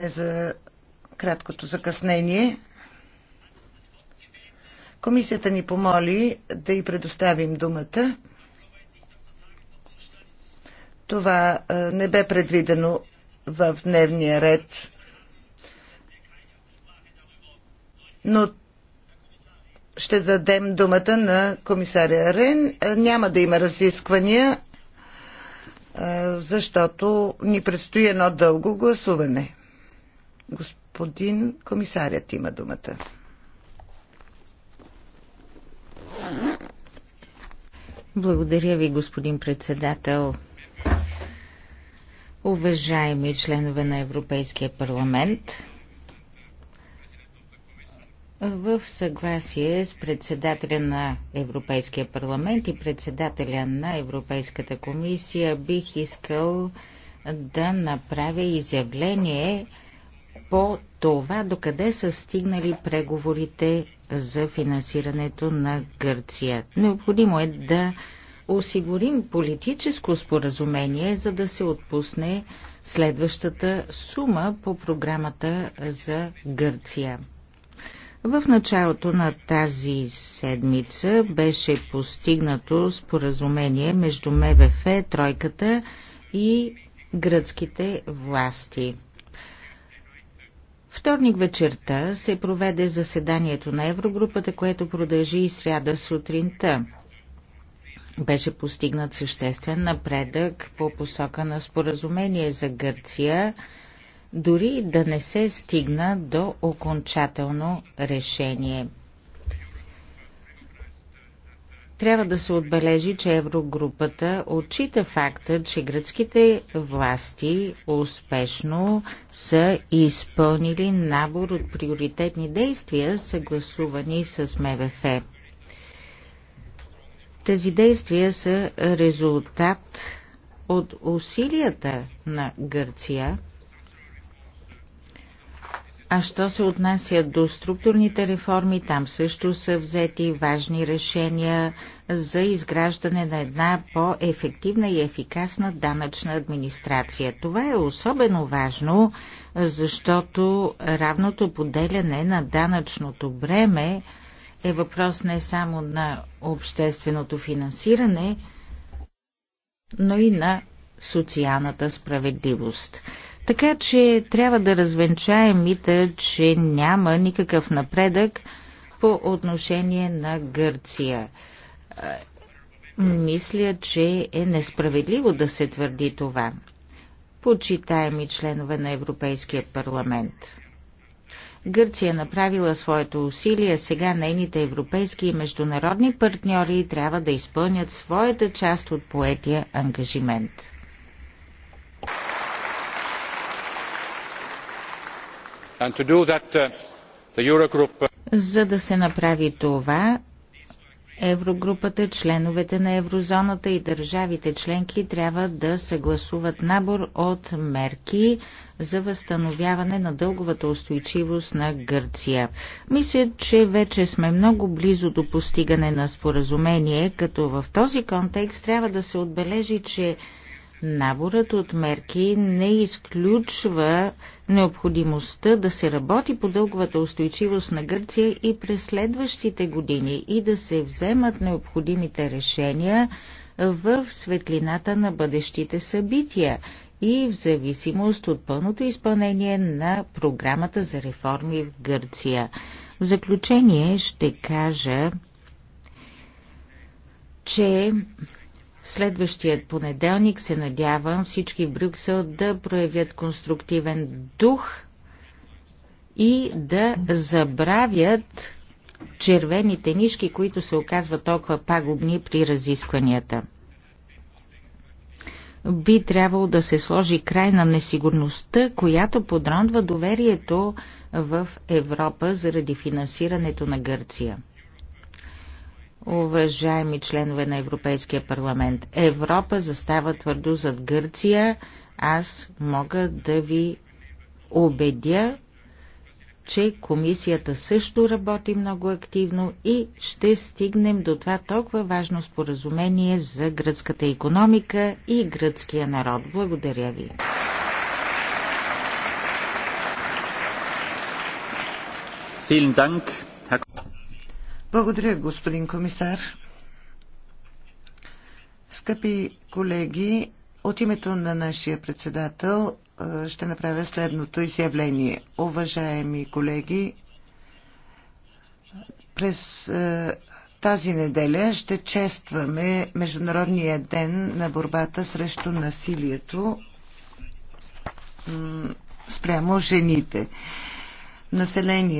Е за краткото закъснение. Комисията ни помоли да й предоставим думата. Това е, не бе предвидено в дневния ред. Но ще дадем думата на комисаря Рен. Е, няма да има разисквания, защото ни предстои едно дълго гласуване. Господин комисарят има думата. Благодаря ви, господин председател. Уважаеми членове на Европейския парламент, в съгласие с председателя на Европейския парламент и председателя на Европейската комисия бих искал да направя изявление по това, докъде са стигнали преговорите за финансирането на Гърция. Необходимо е да осигурим политическо споразумение, за да се отпусне следващата сума по програмата за Гърция. В началото на тази седмица беше постигнато споразумение между МВФ, Тройката и гръцките власти. Вторник вечерта се проведе заседанието на Еврогрупата, което продължи и сряда сутринта. Беше постигнат съществен напредък по посока на споразумение за Гърция, дори да не се стигна до окончателно решение – трябва да се отбележи, че Еврогрупата отчита факта, че гръцките власти успешно са изпълнили набор от приоритетни действия, съгласувани с МВФ. Тези действия са резултат от усилията на Гърция – а що се отнася до структурните реформи, там също са взети важни решения за изграждане на една по-ефективна и ефикасна данъчна администрация. Това е особено важно, защото равното поделяне на данъчното бреме е въпрос не само на общественото финансиране, но и на социалната справедливост. Така че трябва да развенчаем мита, че няма никакъв напредък по отношение на Гърция. Мисля, че е несправедливо да се твърди това. Почитаеми членове на Европейския парламент. Гърция направила своето усилие, сега нейните европейски и международни партньори трябва да изпълнят своята част от поетия ангажимент. Uh, uh, за да се направи това, Еврогрупата, членовете на еврозоната и държавите членки трябва да съгласуват набор от мерки за възстановяване на дълговата устойчивост на Гърция. Мисля, че вече сме много близо до постигане на споразумение, като в този контекст трябва да се отбележи, че Наборът от мерки не изключва необходимостта да се работи по дълговата устойчивост на Гърция и през следващите години и да се вземат необходимите решения в светлината на бъдещите събития и в зависимост от пълното изпълнение на програмата за реформи в Гърция. В заключение ще кажа, че Следващият понеделник се надявам всички в Брюксел да проявят конструктивен дух и да забравят червените нишки, които се оказват толкова пагубни при разискванията. Би трябвало да се сложи край на несигурността, която подронва доверието в Европа заради финансирането на Гърция. Уважаеми членове на Европейския парламент, Европа застава твърдо зад Гърция. Аз мога да ви убедя, че комисията също работи много активно и ще стигнем до това толкова важно споразумение за гръцката економика и гръцкия народ. Благодаря ви. Vielen Dank. Благодаря, господин комисар. Скъпи колеги, от името на нашия председател ще направя следното изявление. Уважаеми колеги, през тази неделя ще честваме Международния ден на борбата срещу насилието спрямо жените. Население